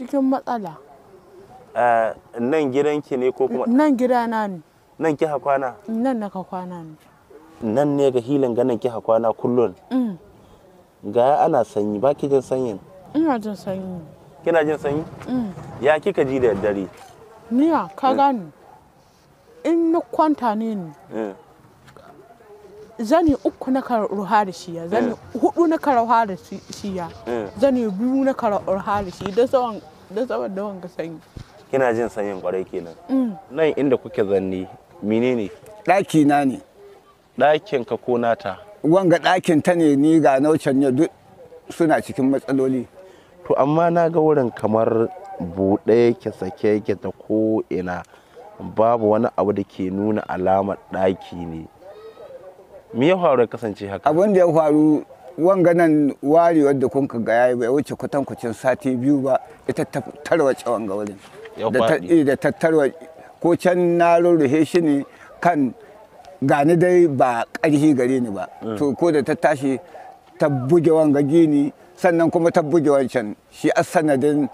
Cikin matsala. Nan gidanki ne ko kuma? Nan gidana ne. Nan ki kwana? Nan na ka kwana ne. Nan ne ga hilin ganin ki kwana kullum? Mm. Ga ana sanyi ba ki jin sanyin? Ina jin sanyi. Kina jin sanyi? Mm. Ya kika ji da dare. Niya ka mm. gani. In na kwanta ne ni. zani uku na ruha da shiya zani hudu na ruha da shiya zani biyu na ruha da shi don sauran da saboda wanka sanyi kina jin sanyin kwarai kenan mm. nan inda kuke zanne menene daki na ne ɗakin ka ko nata wanga ɗakin ta ne ni ga naucan ne duk suna cikin matsaloli to amma na ga wurin kamar buɗe yake sake yake ta ko ina babu wani abu da ke nuna alamar ɗaki ne me ya faru kasance haka abin da ya faru wanga nan wari wadda kun ga yayi bai wuce kwatankwacin sati biyu ba ita ta tarwace wanga wurin eh, da ta tarwace ko can na rurruhe shi ne kan gani dai ba ƙarfi gare ni ba mm. to ko da ta tashi ta buge wanga gini sannan kuma ta buge wancan shi a sanadin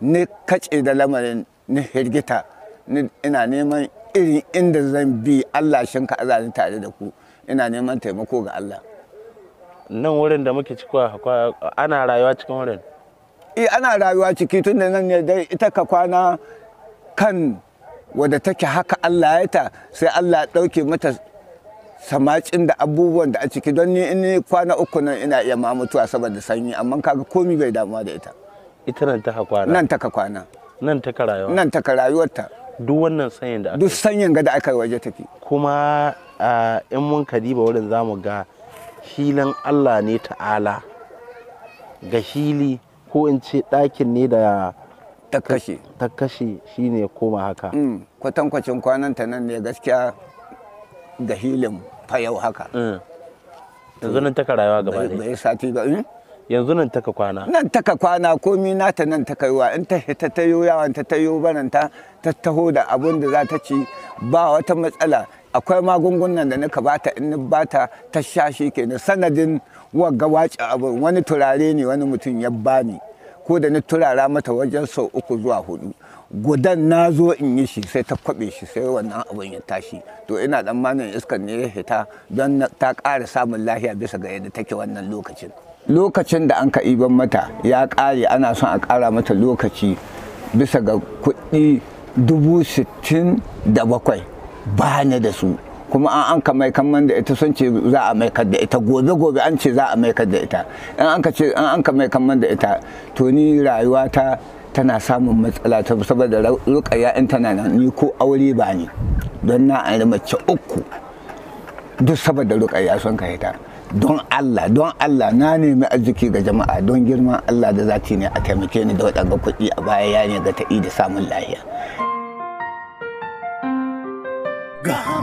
ni kace da lamarin ni hirgita ina neman irin inda zan bi Allah shinka azani tare da ku ina neman taimako ga Allah nan wurin da muke ciki ana rayuwa cikin wurin eh ana rayuwa ciki tun da nan ne dai ita ka kwana kan wadda take haka Allah ya ta sai Allah ya ɗauke mata samacin da abubuwan da a ciki don ni in kwana uku nan ina iya ma mutuwa saboda sanyi amma kaga komi bai damuwa da ita ita nan ta kwana nan ta kwana nan ta rayuwa nan ta rayuwarta duk wannan sanyin da duk sanyin ga da aka waje take kuma ah, in mun kadiba wurin zamu ga filin Allah ne ta'ala ga hili ko in ce ɗakin ne da ta kashe shi ne shine koma haka mm, kwatankwacin kwanan ta nan ne gaskiya ga hilin fayau haka mm. yanzu nan taka rayuwa gaba ne bai sati ba mm? yanzu nan taka kwana nan taka kwana komi nata nan taka yiwa in ta ta tayo yawan ta tayo banan ta ta taho da abun da za ta ci ba wata matsala akwai magungunan da nika bata in ni bata ta sha shi kenan sanadin wa wace abu wani turare ne wani mutum ya bani ko da ni turara mata wajen sau uku zuwa hudu gudan na zo in yi shi sai ta kwabe shi sai wannan abin ya tashi to ina dan manin iskar ne ya hita don ta ƙara samun lafiya bisa ga yadda take wannan lokacin lokacin da an ka iban mata ya ƙare ana son a kara mata lokaci bisa ga kuɗi dubu sittin da bakwai ba da su kuma an an kamai kamar da ita sun ce za a maikar da ita gobe gobe an ce za a maikar da ita in an ce an an kamai da ita to ni rayuwata tana samun matsala ta saboda rukaya in tana nan ni ko aure ba ni don na an mace uku duk saboda rukaya sun ka ita don Allah don Allah na nemi arziki ga jama'a don girman Allah da zati ne a taimake ni da waɗanda kuɗi a baya ya ne ga ta'i da samun lahiya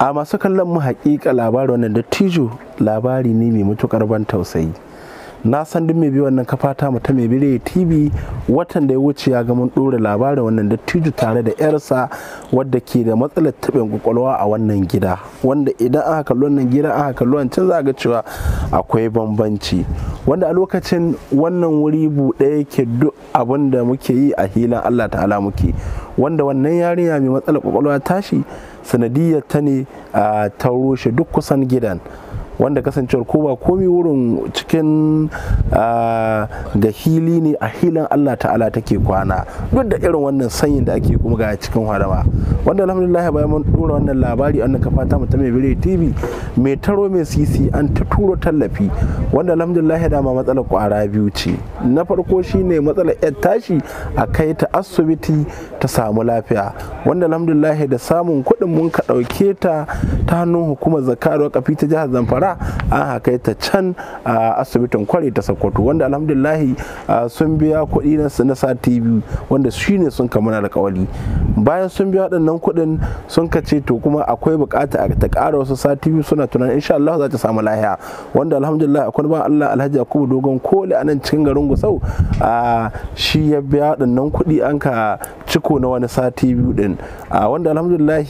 a masu kallon mu haƙiƙa labarin wannan dattijo labari ne mai matuƙar ban tausayi na san duk mai bi wannan kafa ta ta mai bire tv watan da ya wuce ya ga mun dora labarin wannan dattijo tare da yarsa wadda ke da matsalar tabin kwakwalwa a wannan gida wanda idan aka kalli wannan gida aka kalli wancan za ga cewa akwai bambanci wanda a lokacin wannan wuri buɗe yake duk abin da muke yi a hilan allah ta'ala muke wanda wannan yarinya mai matsalar kwakwalwa tashi sanadiyar ta ne ta rushe duk kusan gidan wanda kasancewar ko ba komi wurin cikin ah, ga hili ne a hilin Allah ta'ala take kwana duk da irin wannan sanyin da ake kuma ga cikin harama wanda alhamdulillah bayan mun dora wannan labari an mu ta mai bire tv mai taro mai sisi an ta turo tallafi wanda alhamdulillah ma matsalar kwara biyu ce na farko shine matsalar yar tashi a kai ta asibiti ta samu lafiya wanda alhamdulillah da samun kuɗin mun ka ɗauke ta ta hannun hukumar zakka kafi ta jihar zamfara mata an haka ta can a asibitin kwari ta sokoto wanda alhamdulillahi sun biya kuɗi na sati biyu wanda shi ne sun kamuna da kawali bayan sun biya waɗannan kuɗin sun ka ce to kuma akwai bukata a ta ƙara wasu sati biyu suna tunanin insha Allah za ta samu lahiya wanda alhamdulillah akwai ba Allah Alhaji Yakubu dogon koli a nan cikin garin Gusau shi ya biya waɗannan kuɗi an ka ciko na wani sati biyu din wanda alhamdulillah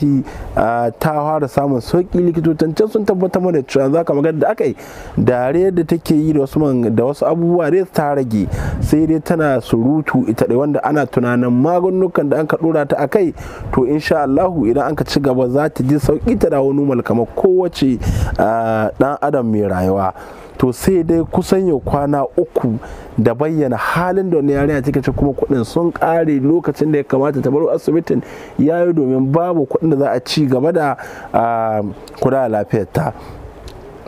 ta fara samun sauki likitocin can sun tabbatar mana cewa za haka magana da aka yi dare da take yi da wasu da wasu abubuwa dai ta rage sai dai tana surutu ita dai wanda ana tunanin magungunan da anka dora ta akai to insha Allah idan anka ci gaba za ta ji sauki ta dawo normal kamar kowace dan adam mai rayuwa to sai dai kusan yau kwana uku da bayyana halin da wani yarinya take ci kuma kudin sun kare lokacin da ya kamata ta baro asibitin ya domin babu kudin da za a ci gaba da kula da lafiyarta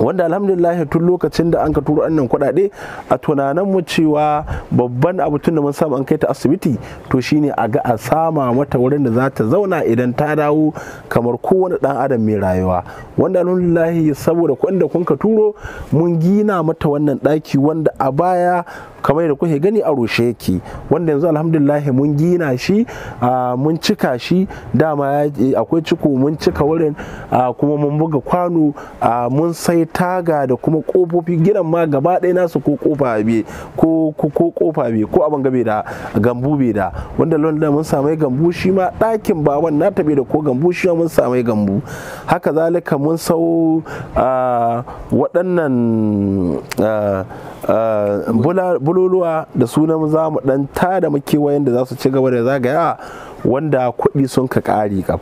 wanda alhamdulillah tun lokacin da an ka turo annan kuɗaɗe a tunanin mu cewa babban abu tun da mun samu an kai ta asibiti to shine a ga a sama mata wurin da za ta zauna idan ta dawo kamar kowane ɗan adam mai rayuwa wanda alhamdulillah saboda kuɗin da kun ka turo mun gina mata wannan ɗaki wanda a baya kamar da kuke gani a rushe yake wanda yanzu alhamdulillah mun gina shi mun cika shi dama akwai ciko mun cika wurin kuma mun buga kwano mun sai taga da kuma kofofi gidan ma gaba ɗaya nasu ko kofa be ko ko kofa be ko abanga da gambu be da wanda london mun samai gambu shi ma ɗakin baban na be da ko gambu shi ma mun samai gambu haka zalika mun sau waɗannan bula bululuwa da sunan za mu dan tada makewayen da za su ci gaba da zagaya wanda kuɗi sun ka ƙari kaf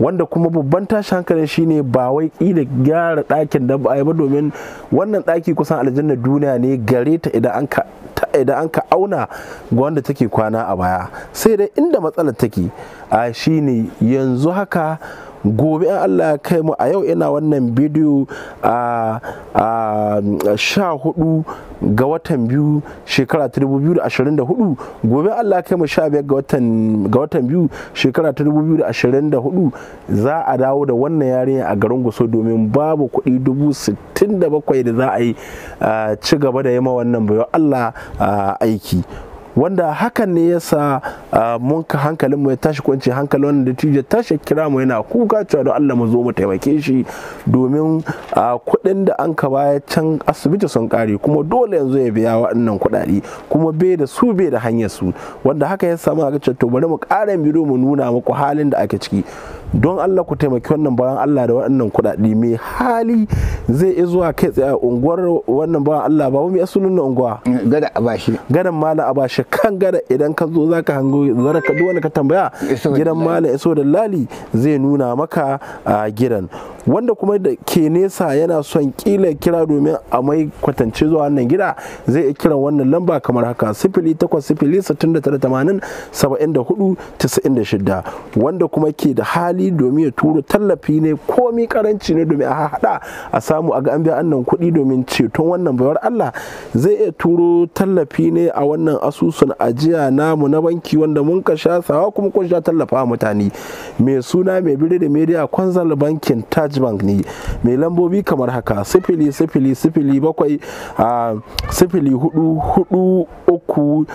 wanda kuma babban tashi hankalin shine ba wai ƙila gyara ɗakin da ba ba domin wannan ɗaki kusan aljanna duniya ne gare ta idan an idan an ka auna ga wanda take kwana a baya sai dai inda matsalar take a shine yanzu haka gobe in Allah ya kai mu a yau ina wannan bidiyo a sha hudu ga watan biyu shekara 2024 gobe biyu gobe Allah ya kai mu sha biyar ga watan biyu shekara 2024 za a dawo da wannan yarinya a garin gusau domin babu kudi dubu 67 da za a yi ci gaba da yi wannan bayo Allah aiki wanda hakan ne yasa mun ka hankalin ya tashi kwanci hankalin wannan dattijo tashi kira mu yana kuka cewa don Allah mu zo mu taimake shi domin kuɗin da an ka baya can asibiti sun kare kuma dole yanzu ya biya waɗannan kuɗaɗe kuma bai da su bai da hanyar su wanda haka ya samu a ka to bari mu ƙara biro mu nuna muku halin da ake ciki don Allah ku taimaki wannan bayan Allah da waɗannan kuɗaɗe mai hali zai iya zuwa kai tsaye unguwar wannan ba Allah ba mai asulun na unguwa gada abashi gadan mala abashi kan gada idan ka zo zaka hango zara ka wanda ka tambaya gidan mala iso da lali zai nuna maka a gidan wanda kuma da ke nesa yana son kila kira domin a mai kwatance zuwa wannan gida zai iya kiran wannan lamba kamar haka sifili takwas sifili sittin da tara tamanin saba'in da hudu tisa'in da shida wanda kuma ke da hali domin ya turo tallafi ne komi karanci ne domin a haɗa a samu samu a ga an biya annan kuɗi domin ceton wannan baiwar Allah zai iya turo tallafi ne a wannan asusun ajiya namu na banki wanda mun ka sha sawa kuma kun sha tallafa mutane mai suna mai biri da media kwanzal bankin taj bank ne mai lambobi kamar haka sifili sifili sifili bakwai a sifili hudu hudu uku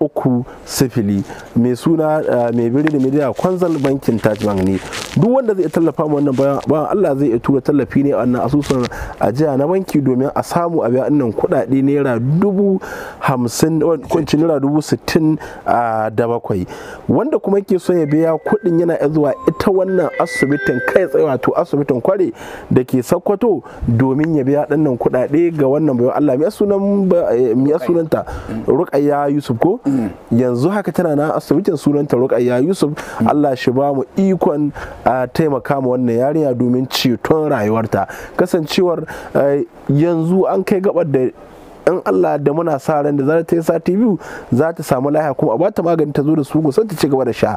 uku sifili mai suna mai biri da media kwanzal bankin taj bank ne duk wanda zai tallafa wannan bayan Allah zai iya tura tallafi ne a wannan asusun a jiya na banki domin a samu a biya nan kuɗaɗe naira dubu hamsin kwanci naira dubu sittin da bakwai wanda kuma ke so ya biya kuɗin yana zuwa ita wannan asibitin kai tsaye wato asibitin kware da ke sakkwato domin ya biya ɗannan kuɗaɗe ga wannan bayan Allah miya eh, sunanta Rukayya Yusuf ko mm. yanzu haka tana na asibitin sunanta Rukayya Yusuf mm. Allah shi ba mu ikon taimaka ma wannan yarinya domin ceton rayuwarta kasa kasancewar eh, yanzu an kai gabar da in Allah da muna sa ran da za ta yi sati biyu za ta samu lahiya kuma a bata magani ta zo da su gusan ta ci gaba da sha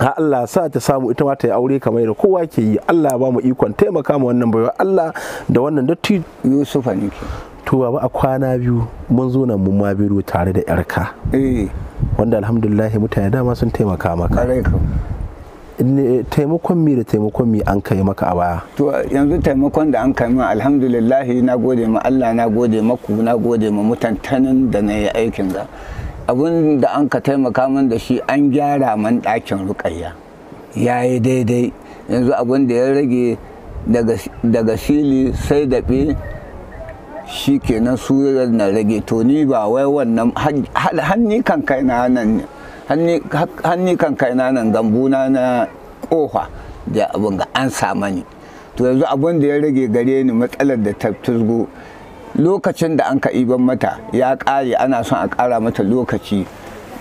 ha Allah sa ta samu ita ma ta yi aure kamar yadda kowa ke yi Allah ba mu ikon taimaka ma wannan baiwa Allah da wannan ti Yusufa ne to ba a kwana biyu mun zo nan mun ma biro tare da yarka eh wanda alhamdulillah mutane dama sun taimaka maka taimakon mi da taimakon mi an kai maka a baya to yanzu taimakon da an kai ma alhamdulillah na gode ma Allah na gode maku na gode ma mutantanin da na yi aikin ga abun da an ka taimaka min da shi an gyara man ɗakin rukayya ya yi daidai yanzu abun da ya rage daga sili sai daɓe shi kenan surar na rage to ni ba wai wannan hanni kan kai na nan ne hanni kan kai na nan gambuna na kofa da abin ga an sami ni to yanzu abin da ya rage gare ni matsalar da ta tusgo lokacin da an ka iban mata ya ƙare ana son a ƙara mata lokaci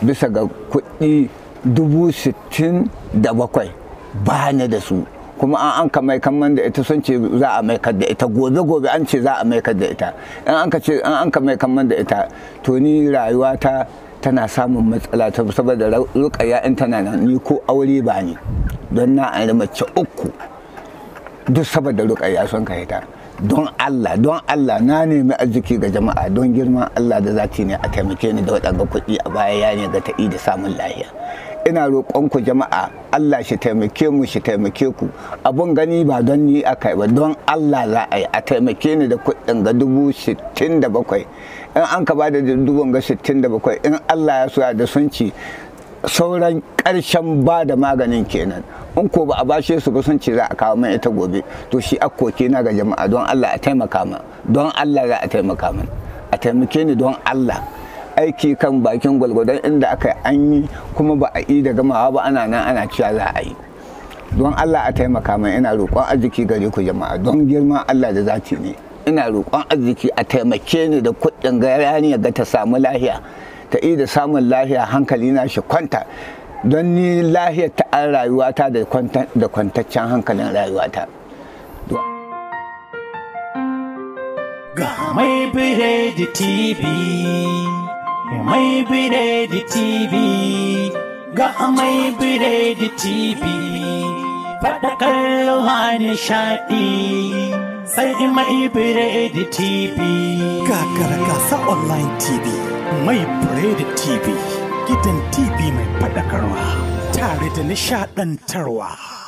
bisa ga kuɗi dubu sittin da bakwai ba ni da su kuma an an ka maikan man da ita sun ce za a mai da ita gobe gobe an ce za a mai da ita in an ka ce an da ita to ni ta. tana samun matsala ta saboda rukaya in tana nan ni ko aure ba ni don na an mace uku duk saboda rukaya sun ka hita don Allah don Allah na nemi arziki ga jama'a don girman Allah da zati ne a taimake ni da wadanda kuɗi a baya ya ne ga ta'i da samun lahiya ina ku jama'a Allah shi taimake mu shi taimake ku abun gani ba don ni aka yi ba don Allah za a yi a taimake ni da kuɗin ga dubu sittin da bakwai in an ka bada dubun ga 67 in Allah ya suya da sun ci sauran karshen ba da maganin kenan in ko ba a bashe su ba sun ce za a kawo mai ita gobe to shi akkoke na ga jama'a don Allah a taimaka min don Allah za a taimaka min a taimake ni don Allah aiki kan bakin gwalgwadon inda aka yi an yi kuma ba a yi da gamawa ba ana nan ana cewa za a yi don Allah a taimaka min ina roƙon arziki gare ku jama'a don girman Allah da zati ne ina roƙon arziki a taimake ni da kuɗin gayani ga ta samu lahiya ta yi da samun lahiya hankali na shi kwanta don ni lahiya ta an rayuwata da kwantaccen hankalin rayuwata ga mai biredi tv mai biredi tv ga mai biredi tv faɗa kallo nishaɗi sai in mai biredi TV. Gagara gasa online TV, mai biredi TV, gidan TV mai faɗakarwa, tare da nishaɗantarwa.